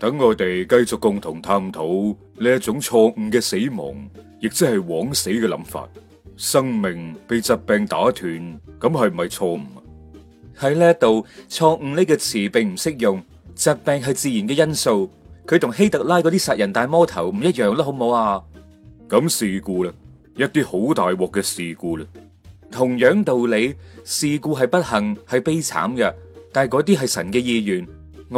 等我哋繼續共同探討呢一種錯誤嘅死亡，亦即係枉死嘅諗法。生命被疾病打斷，咁係唔係錯誤啊？喺呢一度，錯誤呢個詞並唔適用。疾病係自然嘅因素，佢同希特拉嗰啲殺人大魔頭唔一樣啦，好唔好啊？咁事故啦，一啲好大鑊嘅事故啦。同樣道理，事故係不幸，係悲慘嘅，但係嗰啲係神嘅意願。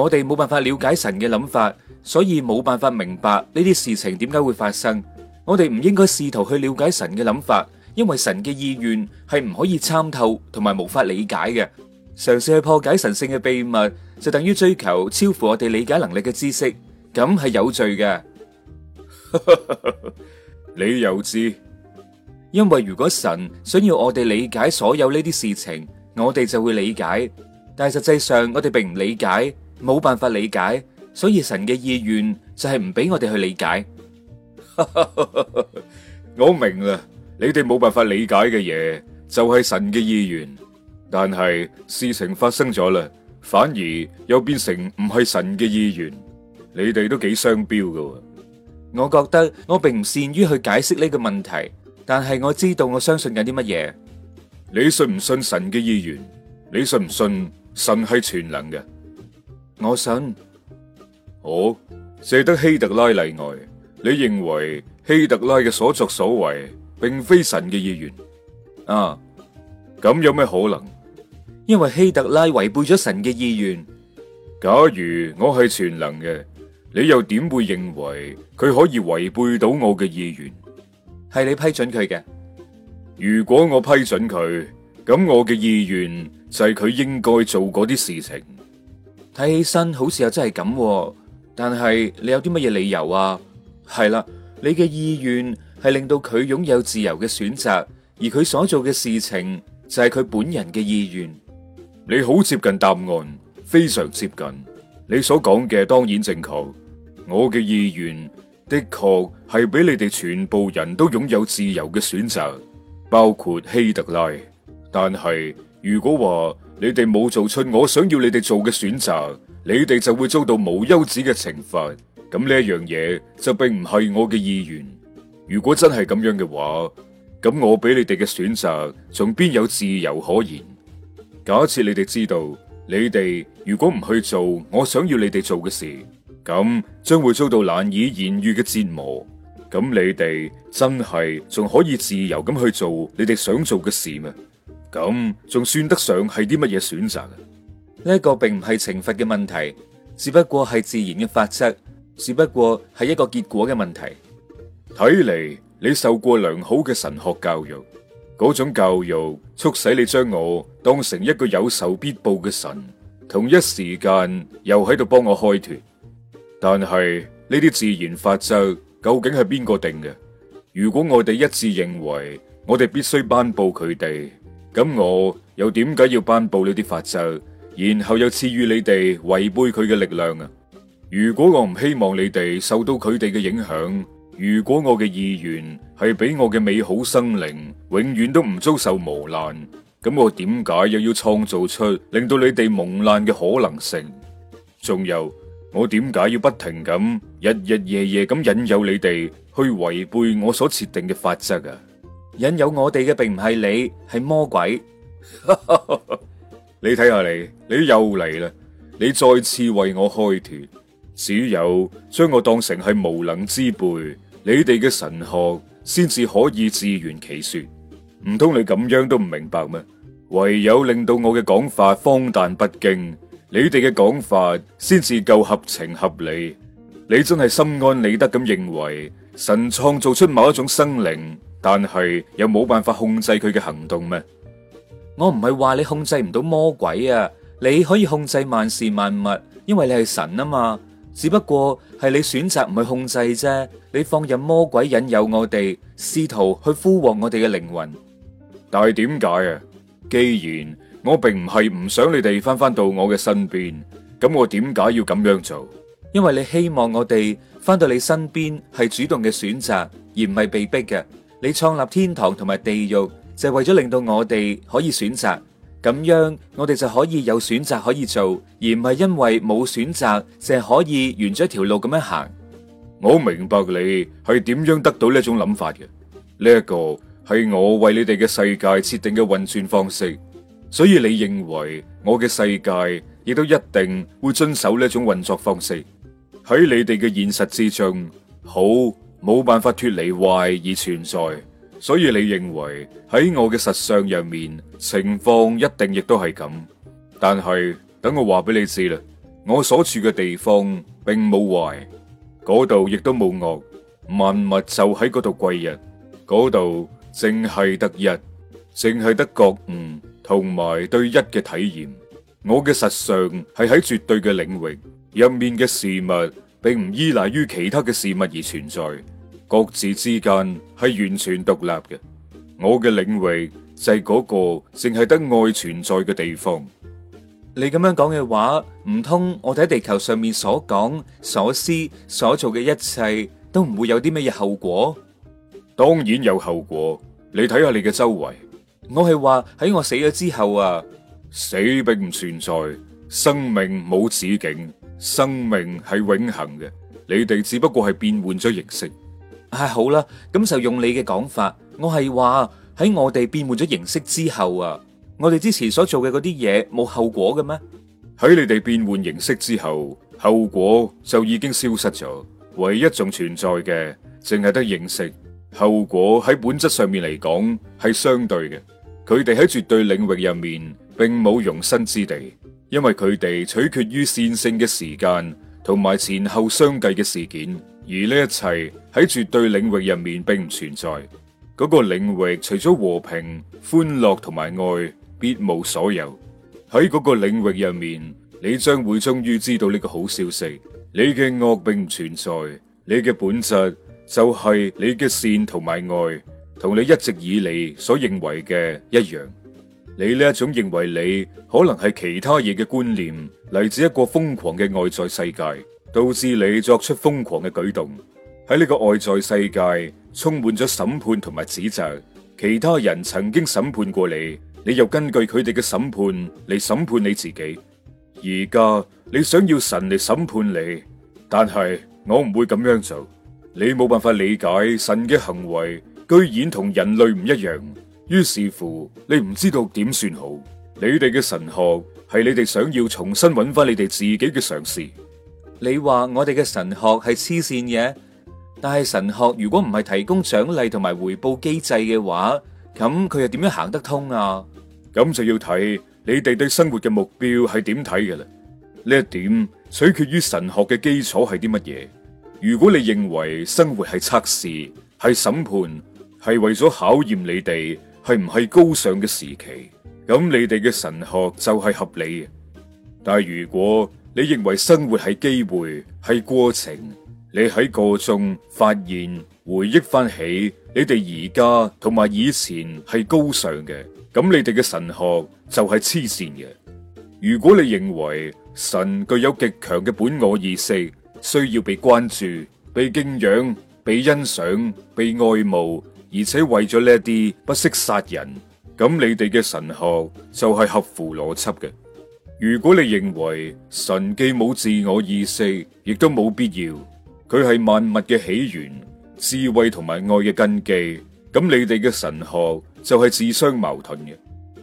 我哋冇辦法了解神嘅諗法，所以冇辦法明白呢啲事情點解會發生。我哋唔應該試圖去了解神嘅諗法，因為神嘅意願係唔可以參透同埋無法理解嘅。嘗試去破解神聖嘅秘密，就等於追求超乎我哋理解能力嘅知識，咁係有罪嘅。你又知？因為如果神想要我哋理解所有呢啲事情，我哋就會理解，但係實際上我哋並唔理解。冇辦法理解，所以神嘅意願就係唔俾我哋去理解。我明啦，你哋冇辦法理解嘅嘢，就係神嘅意願，但係事情發生咗啦，反而又變成唔係神嘅意願。你哋都幾雙標噶。我覺得我並唔善於去解釋呢個問題，但係我知道我相信緊啲乜嘢。你信唔信神嘅意願？你信唔信神係全能嘅？我信，好，借得希特拉例外。你認為希特拉嘅所作所為，並非神嘅意願啊？咁有咩可能？因為希特拉違背咗神嘅意願。假如我係全能嘅，你又點會認為佢可以違背到我嘅意願？係你批准佢嘅。如果我批准佢，咁我嘅意願就係佢應該做嗰啲事情。睇起身好似又真係咁喎，但係你有啲乜嘢理由啊？係啦，你嘅意願係令到佢擁有自由嘅選擇，而佢所做嘅事情就係佢本人嘅意願。你好接近答案，非常接近。你所講嘅當然正確。我嘅意願的確係俾你哋全部人都擁有自由嘅選擇，包括希特拉。但係如果話，你哋冇做出我想要你哋做嘅選擇，你哋就會遭到無休止嘅懲罰。咁呢一樣嘢就並唔係我嘅意願。如果真係咁樣嘅話，咁我俾你哋嘅選擇，仲邊有自由可言？假設你哋知道，你哋如果唔去做我想要你哋做嘅事，咁將會遭到難以言喻嘅折磨。咁你哋真係仲可以自由咁去做你哋想做嘅事咩？咁仲算得上係啲乜嘢選擇？呢個並唔係懲罰嘅問題，只不過係自然嘅法則，只不過係一個結果嘅問題。睇嚟，你受過良好嘅神學教育，嗰種教育促使你將我當成一個有仇必報嘅神，同一時間又喺度幫我開脫。但係呢啲自然法則究竟係邊個定嘅？如果我哋一致認為我哋必須頒布佢哋，咁我又點解要頒布呢啲法則，然後又賜予你哋違背佢嘅力量啊？如果我唔希望你哋受到佢哋嘅影響，如果我嘅意願係俾我嘅美好生靈永遠都唔遭受磨難，咁我點解又要創造出令到你哋蒙難嘅可能性？仲有我點解要不停咁日日夜夜咁引誘你哋去違背我所設定嘅法則啊？引誘我哋嘅並唔係你，係魔鬼。 你睇下你，你又嚟啦。你再次為我開脫，只有將我當成係無能之輩，你哋嘅神學先至可以自圓其說。唔通你咁樣都唔明白咩？唯有令到我嘅講法荒誕不經，你哋嘅講法先至夠合情合理。你真係心安理得咁認為神創造出某一種生靈。但係又冇辦法控制佢嘅行動咩？我唔係話你控制唔到魔鬼啊，你可以控制萬事萬物，因為你係神啊嘛。只不過係你選擇唔去控制啫，你放任魔鬼引誘我哋，試圖去俘獲我哋嘅靈魂。但係點解啊？既然我並唔係唔想你哋翻返到我嘅身邊，咁我點解要咁樣做？因為你希望我哋翻到你身邊係主動嘅選擇，而唔係被逼嘅。你創立天堂同埋地獄就係為咗令到我哋可以選擇，咁樣我哋就可以有選擇可以做，而唔係因為冇選擇淨係可以沿咗一條路咁樣行。我明白你係點樣得到呢一種諗法嘅，呢一個係我為你哋嘅世界設定嘅運轉方式，所以你認為我嘅世界亦都一定會遵守呢一種運作方式喺你哋嘅現實之中，好。冇辦法脱離壞而存在，所以你認為喺我嘅實相入面情況一定亦都係咁。但係等我話俾你知啦，我所處嘅地方並冇壞，嗰度亦都冇惡，萬物就喺嗰度歸一。嗰度淨係得一，淨係得覺悟同埋對一嘅體驗。我嘅實相係喺絕對嘅領域入面嘅事物。並唔依賴於其他嘅事物而存在，各自之間係完全獨立嘅。我嘅領域就係嗰個淨係得愛存在嘅地方。你咁樣講嘅話，唔通我哋喺地球上面所講、所思、所做嘅一切，都唔會有啲乜嘢後果？當然有後果。你睇下你嘅周圍。我係話喺我死咗之後啊，死並唔存在，生命冇止境。生命係永恆嘅，你哋只不過係變換咗形式。唉、哎，好啦，咁就用你嘅講法，我係話喺我哋變換咗形式之後啊，我哋之前所做嘅嗰啲嘢冇後果嘅咩？喺你哋變換形式之後，後果就已經消失咗，唯一仲存在嘅淨係得認識。後果喺本質上面嚟講係相對嘅，佢哋喺絕對領域入面並冇容身之地。因為佢哋取決於線性嘅時間同埋前後相繼嘅事件，而呢一切喺絕對領域入面並唔存在。嗰個領域除咗和平、歡樂同埋愛，必無所有。喺嗰個領域入面，你將會終於知道呢個好消息：你嘅惡並唔存在，你嘅本質就係你嘅善同埋愛，同你一直以嚟所認為嘅一樣。你呢一種認為你可能係其他嘢嘅觀念，嚟自一個瘋狂嘅外在世界，導致你作出瘋狂嘅舉動。喺呢個外在世界，充滿咗審判同埋指責，其他人曾經審判過你，你又根據佢哋嘅審判嚟審判你自己。而家你想要神嚟審判你，但係我唔會咁樣做。你冇辦法理解神嘅行為，居然同人類唔一樣。於是乎，你唔知道點算好。你哋嘅神學係你哋想要重新搵翻你哋自己嘅嘗試。你話我哋嘅神學係黐線嘅，但係神學如果唔係提供獎勵同埋回報機制嘅話，咁佢又點樣行得通啊？咁就要睇你哋對生活嘅目標係點睇嘅啦。呢一點取決於神學嘅基礎係啲乜嘢。如果你認為生活係測試，係審判，係為咗考驗你哋。係唔係高尚嘅時期？咁你哋嘅神學就係合理。但如果你認為生活係機會，係過程，你喺個中發現回憶翻起你哋而家同埋以前係高尚嘅，咁你哋嘅神學就係黐線嘅。如果你認為神具有極強嘅本我意識，需要被關注、被敬仰、被欣賞、被愛慕。而且為咗呢一啲不惜殺人，咁你哋嘅神學就係合乎邏輯嘅。如果你認為神既冇自我意識，亦都冇必要，佢係萬物嘅起源、智慧同埋愛嘅根基，咁你哋嘅神學就係自相矛盾嘅。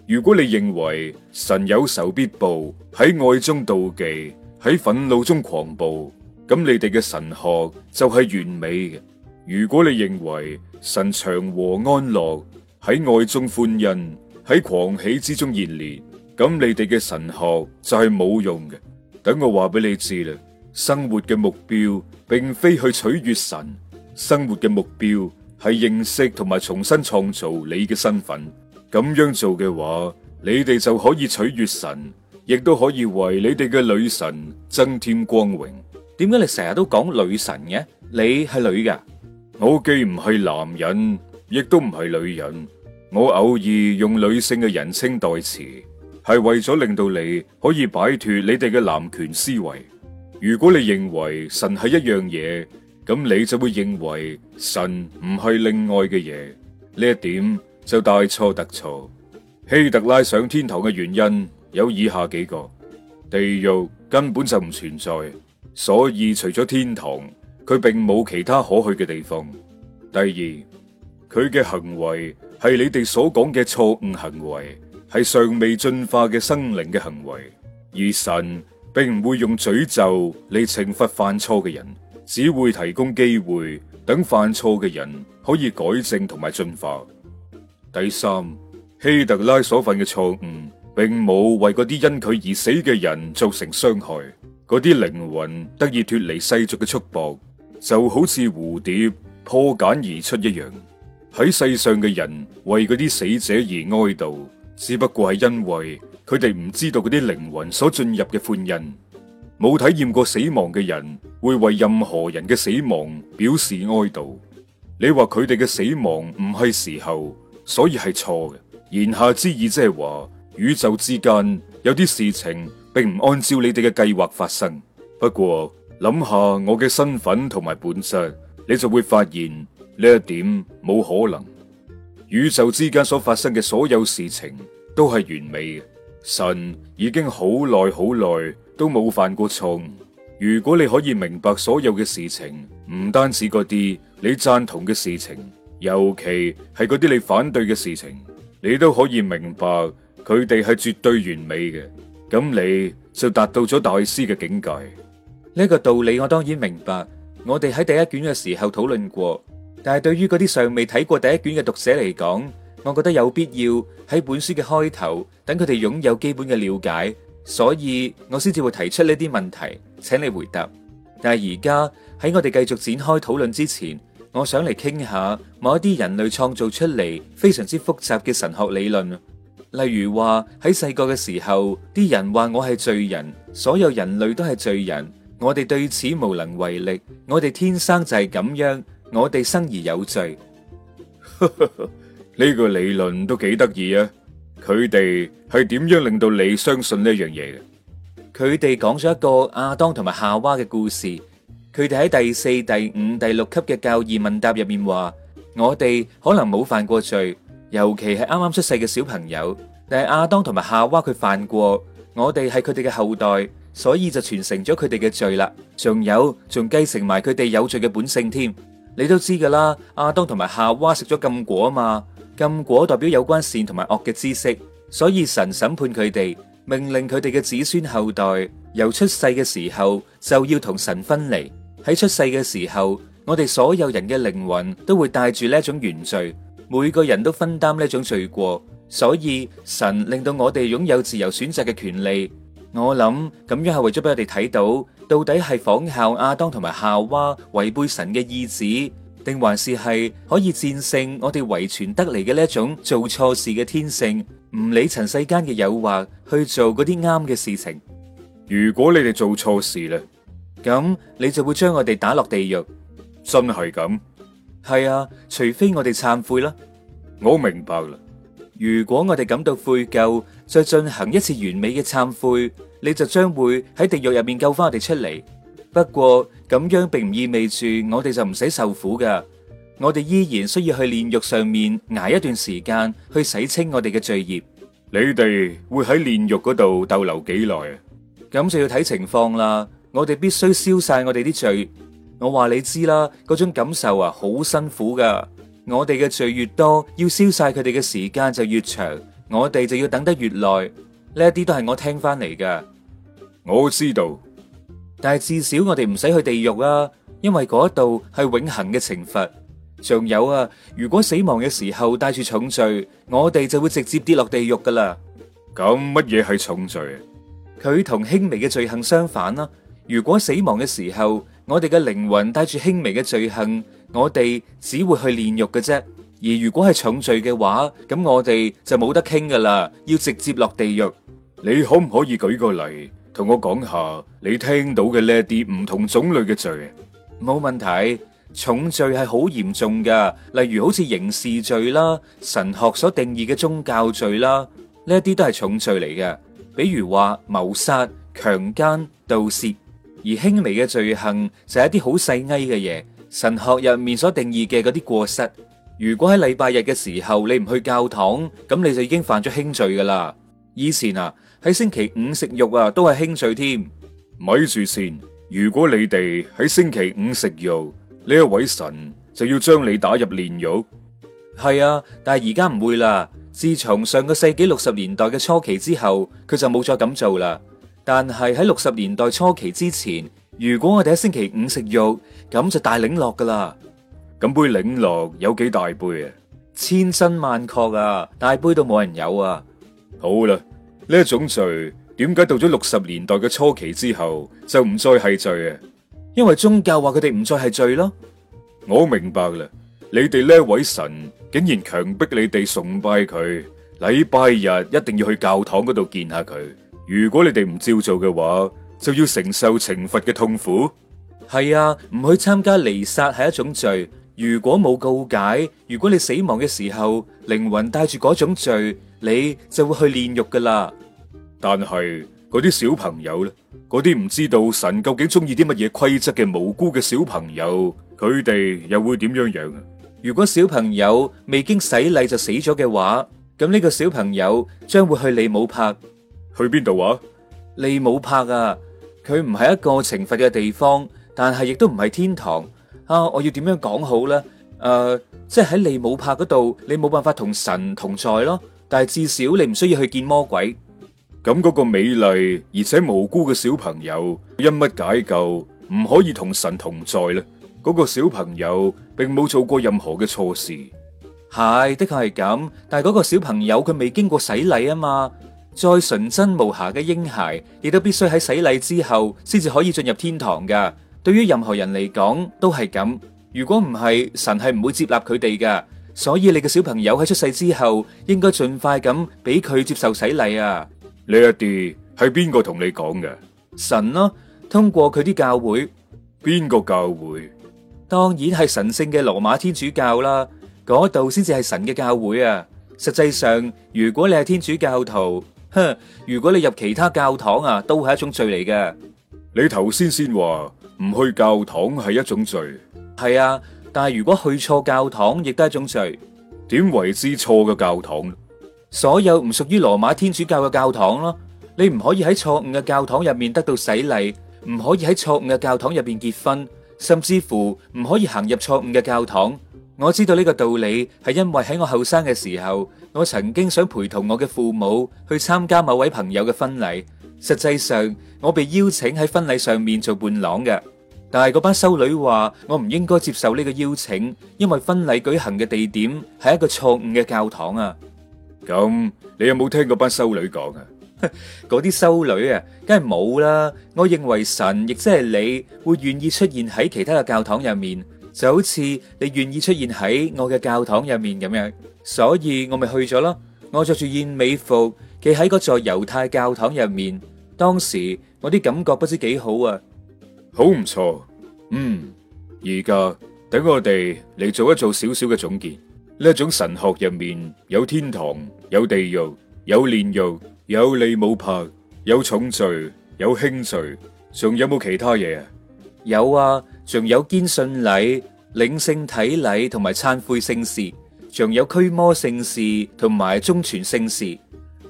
如果你認為神有仇必報，喺愛中妒忌，喺憤怒中狂暴，咁你哋嘅神學就係完美嘅。如果你認為，神祥和安樂，喺愛中歡欣，喺狂喜之中熱烈，咁你哋嘅神學就係冇用嘅。等我話俾你知啦，生活嘅目標並非去取悦神，生活嘅目標係認識同埋重新創造你嘅身份。咁樣做嘅話，你哋就可以取悦神，亦都可以為你哋嘅女神增添光榮。點解你成日都講女神嘅？你係女㗎？我既唔係男人，亦都唔係女人。我偶爾用女性嘅人稱代詞，係為咗令到你可以擺脫你哋嘅男權思維。如果你認為神係一樣嘢，咁你就會認為神唔係另外嘅嘢。呢一點就大錯特錯。希特拉上天堂嘅原因有以下幾個：地獄根本就唔存在，所以除咗天堂，佢並冇其他可去嘅地方。第二，佢嘅行為係你哋所講嘅錯誤行為，係尚未進化嘅生靈嘅行為。而神並唔會用詛咒嚟懲罰犯錯嘅人，只會提供機會等犯錯嘅人可以改正同埋進化。第三，希特拉所犯嘅錯誤，並冇為嗰啲因佢而死嘅人造成傷害，嗰啲靈魂得以脫離世俗嘅束縛。就好似蝴蝶破繭而出一樣，喺世上嘅人為嗰啲死者而哀悼，只不過係因為佢哋唔知道嗰啲靈魂所進入嘅歡欣。冇體驗過死亡嘅人會為任何人嘅死亡表示哀悼。你話佢哋嘅死亡唔係時候，所以係錯嘅。言下之意即係話，宇宙之間有啲事情並唔按照你哋嘅計劃發生。不過，諗下我嘅身份同埋本質，你就會發現呢一點冇可能。宇宙之間所發生嘅所有事情都係完美嘅。神已經好耐好耐都冇犯過錯誤。如果你可以明白所有嘅事情，唔單止嗰啲你贊同嘅事情，尤其係嗰啲你反對嘅事情，你都可以明白佢哋係絕對完美嘅，咁你就達到咗大師嘅境界。呢個道理我當然明白，我哋喺第一卷嘅時候討論過，但係對於嗰啲尚未睇過第一卷嘅讀者嚟講，我覺得有必要喺本書嘅開頭等佢哋擁有基本嘅了解，所以我先至會提出呢啲問題，請你回答。但係而家喺我哋繼續展開討論之前，我想嚟傾下某一啲人類創造出嚟非常之複雜嘅神學理論，例如話喺細個嘅時候，啲人話我係罪人，所有人類都係罪人。我哋對此無能為力，我哋天生就係咁樣，我哋生而有罪。呢 個理論都幾得意啊！佢哋係點樣令到你相信呢樣嘢嘅？佢哋講咗一個亞當同埋夏娃嘅故事，佢哋喺第四、第五、第六級嘅教義問答入面話，我哋可能冇犯過罪，尤其係啱啱出世嘅小朋友，但係亞當同埋夏娃佢犯過。我哋係佢哋嘅後代，所以就傳承咗佢哋嘅罪啦。仲有仲繼承埋佢哋有罪嘅本性添。你都知噶啦，阿當同埋夏娃食咗禁果啊嘛，禁果代表有關善同埋惡嘅知識，所以神審判佢哋，命令佢哋嘅子孫後代由出世嘅時候就要同神分離。喺出世嘅時候，我哋所有人嘅靈魂都會帶住呢種原罪，每個人都分擔呢種罪過。所以神令到我哋擁有自由選擇嘅權利，我諗咁樣係為咗俾我哋睇到，到底係仿效亞當同埋夏娃違背神嘅意志，定還是係可以戰勝我哋遺傳得嚟嘅呢一種做錯事嘅天性，唔理塵世間嘅誘惑去做嗰啲啱嘅事情。如果你哋做錯事啦，咁你就會將我哋打落地獄，真係咁？係啊，除非我哋懺悔啦。我明白啦。如果我哋感到悔疚，再進行一次完美嘅懺悔，你就將會喺地獄入面救翻我哋出嚟。不過咁樣並唔意味住我哋就唔使受苦噶，我哋依然需要去煉獄上面挨一段時間，去洗清我哋嘅罪孽。你哋會喺煉獄嗰度逗留幾耐？咁就要睇情況啦。我哋必須消晒我哋啲罪。我話你知啦，嗰種感受啊，好辛苦噶。我哋嘅罪越多，要消晒佢哋嘅時間就越長，我哋就要等得越耐。呢一啲都係我聽翻嚟噶，我知道。但係至少我哋唔使去地獄啦、啊，因為嗰度係永恆嘅懲罰。仲有啊，如果死亡嘅時候帶住重罪，我哋就會直接跌落地獄噶啦。咁乜嘢係重罪、啊？佢同輕微嘅罪行相反啦、啊。如果死亡嘅時候，我哋嘅靈魂帶住輕微嘅罪行。我哋只會去煉獄嘅啫，而如果係重罪嘅話，咁我哋就冇得傾噶啦，要直接落地獄。你可唔可以舉個例，同我講下你聽到嘅呢一啲唔同種類嘅罪？冇問題，重罪係好嚴重噶，例如好似刑事罪啦，神學所定義嘅宗教罪啦，呢一啲都係重罪嚟嘅。比如話謀殺、強姦、盜竊，而輕微嘅罪行就係一啲好細埃嘅嘢。神學入面所定義嘅嗰啲過失，如果喺禮拜日嘅時候你唔去教堂，咁你就已經犯咗輕罪㗎喇。以前啊，喺星期五食肉啊，都係輕罪添。咪住先，如果你哋喺星期五食肉，呢一位神就要將你打入煉獄？係啊，但係而家唔會啦。自從上個世紀六十年代嘅初期之後，佢就冇再咁做啦。但係喺六十年代初期之前。如果我哋一星期五食肉，咁就大領落噶啦。咁杯領落有幾大杯啊？千真萬確啊，大杯都冇人有啊。好啦，呢一種罪，點解到咗六十年代嘅初期之後就唔再係罪啊？因為宗教話佢哋唔再係罪咯。我明白啦，你哋呢一位神竟然強迫你哋崇拜佢，禮拜日一定要去教堂嗰度見下佢。如果你哋唔照做嘅話，就要承受懲罰嘅痛苦。係啊，唔去參加彌撒係一種罪。如果冇告解，如果你死亡嘅時候靈魂帶住嗰種罪，你就會去煉獄噶啦。但係嗰啲小朋友咧，嗰啲唔知道神究竟中意啲乜嘢規則嘅無辜嘅小朋友，佢哋又會點樣樣啊？如果小朋友未經洗禮就死咗嘅話，咁呢個小朋友將會去利姆拍？去邊度啊？利姆拍啊！佢唔係一個懲罰嘅地方，但係亦都唔係天堂啊！我要點樣講好咧？誒，即係喺利姆帕嗰度，你冇辦法同神同在咯。但係至少你唔需要去見魔鬼。咁嗰個美麗而且無辜嘅小朋友，因乜解救唔可以同神同在咧？嗰個小朋友並冇做過任何嘅錯事，係，的確係咁。但係嗰個小朋友佢未經過洗禮啊嘛。再純真無瑕嘅嬰孩，亦都必須喺洗禮之後，先至可以進入天堂噶。對於任何人嚟講，都係咁。如果唔係，神係唔會接納佢哋噶。所以你嘅小朋友喺出世之後，應該盡快咁俾佢接受洗禮啊。呢一啲係邊個同你講嘅？神囉，通過佢啲教會。邊個教會？當然係神聖嘅羅馬天主教啦。嗰度先至係神嘅教會啊。實際上，如果你係天主教徒，哼，如果你入其他教堂啊，都係一種罪嚟嘅。你頭先先話唔去教堂係一種罪。係啊，但係如果去錯教堂亦都係一種罪。點為之錯嘅教堂？所有唔屬於羅馬天主教嘅教堂咯，你唔可以喺錯誤嘅教堂入面得到洗禮，唔可以喺錯誤嘅教堂入面結婚，甚至乎唔可以行入錯誤嘅教堂。我知道呢個道理，係因為喺我後生嘅時候，我曾經想陪同我嘅父母去參加某位朋友嘅婚禮。實際上，我被邀請喺婚禮上面做伴郎嘅，但係嗰班修女話我唔應該接受呢個邀請，因為婚禮舉行嘅地點係一個錯誤嘅教堂啊。咁你有冇聽嗰班修女講啊？嗰 啲修女啊，梗係冇啦。我認為神亦即係你會願意出現喺其他嘅教堂入面。就好似你願意出現喺我嘅教堂入面咁樣，所以我咪去咗咯。我着住燕尾服，企喺個座猶太教堂入面。當時我啲感覺不知幾好啊，好唔錯。嗯，而家等我哋嚟做一做少少嘅總結。呢一種神學入面有天堂，有地獄，有煉獄，有靈薄獄，有重罪，有輕罪，仲有冇其他嘢啊？有啊，仲有堅信禮、領聖體禮同埋懺悔聖事，仲有驅魔聖事同埋終傅聖事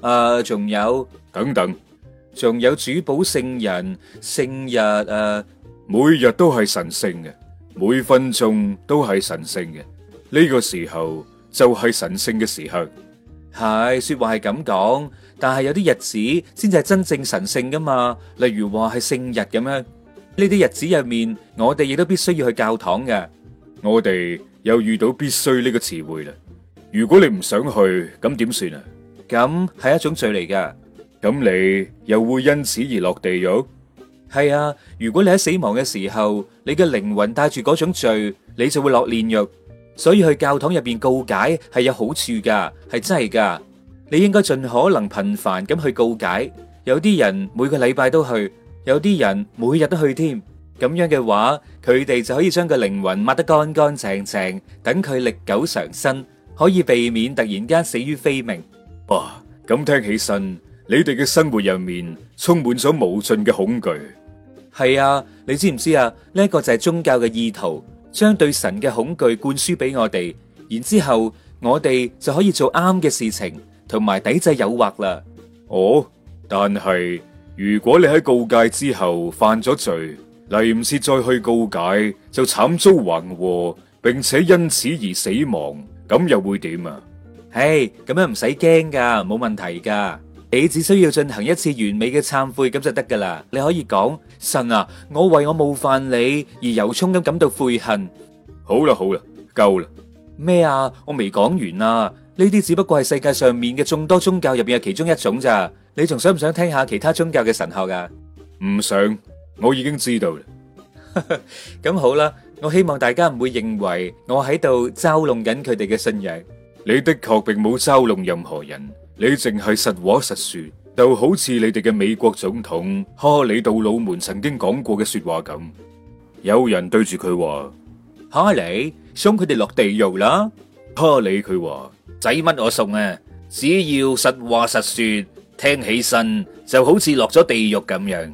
啊，仲有等等，仲有主保聖人聖日啊，每日都係神聖嘅，每分鐘都係神聖嘅，呢個時候就係神聖嘅時刻。係說話係咁講，但係有啲日子先至係真正神聖噶嘛例如話係聖日咁樣。呢啲日子入面，我哋亦都必須要去教堂嘅。我哋又遇到必須呢個詞彙啦。如果你唔想去，咁點算啊？咁係一種罪嚟㗎。咁你又會因此而落地獄？係啊，如果你喺死亡嘅時候，你嘅靈魂帶住嗰種罪，你就會落煉獄。所以去教堂入邊告解係有好處㗎，係真係㗎。你應該盡可能頻繁咁去告解。有啲人每個禮拜都去。有啲人每日都去添，咁樣嘅話，佢哋就可以將個靈魂抹得乾乾淨淨，等佢歷久常新，可以避免突然間死於非命。哇！咁聽起身，你哋嘅生活入面充滿咗無盡嘅恐懼。係啊，你知唔知啊？呢一個就係宗教嘅意圖，將對神嘅恐懼灌輸俾我哋，然之後我哋就可以做啱嘅事情，同埋抵制誘惑啦。哦，但係。如果你喺告解之後犯咗罪，嚟唔切再去告解，就慘遭橫禍，並且因此而死亡，咁又會點啊？唉，咁樣唔使驚噶，冇問題噶，你只需要進行一次完美嘅懺悔咁就得噶啦。你可以講，神啊，我為我冒犯你而由衷咁感到悔恨。好啦好啦，夠啦！咩啊？我未講完啊，呢啲只不過係世界上面嘅眾多宗教入邊嘅其中一種咋。你仲想唔想聽下其他宗教嘅神學噶？唔想，我已經知道啦。咁 好啦，我希望大家唔會認為我喺度嘲弄緊佢哋嘅信仰。你的確並冇嘲弄任何人，你淨係實話實說，就好似你哋嘅美國總統哈里杜魯門曾經講過嘅說話咁。有人對住佢話：哈里送佢哋落地獄啦。哈里佢話：仔乜我送啊，只要實話實說。聽起身就好似落咗地獄咁樣。